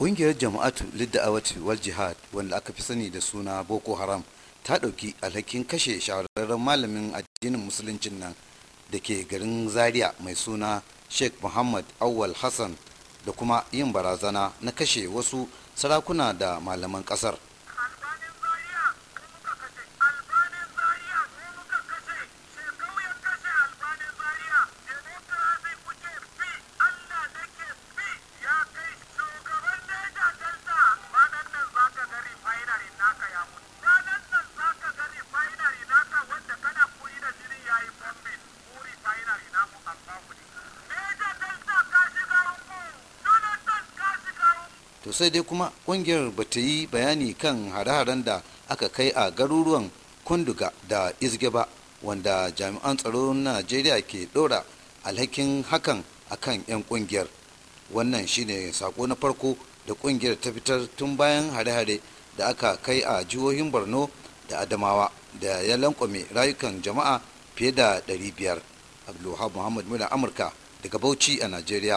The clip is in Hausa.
Ƙungiyar jama'atu Awati wal jihad wanda aka fi sani da suna Boko Haram ta ɗauki alhakin kashe shahararren malamin addinin musuluncin nan da ke garin Zaria mai suna Sheikh Muhammad Awal Hassan da kuma yin barazana na kashe wasu sarakuna da malaman ƙasar. to sai dai kuma kungiyar ba ta yi bayani kan hare-haren da aka kai a garuruwan kunduga da izge ba wanda jami'an tsaro najeriya ke ɗora alhakin hakan a kan 'yan kungiyar wannan shine sako na farko da kungiyar ta fitar tun bayan hare-hare da aka kai a jihohin borno da adamawa da ya lankwame rayukan jama'a fiye da 500 abdulwahab muhammad muna amurka daga bauchi a najeriya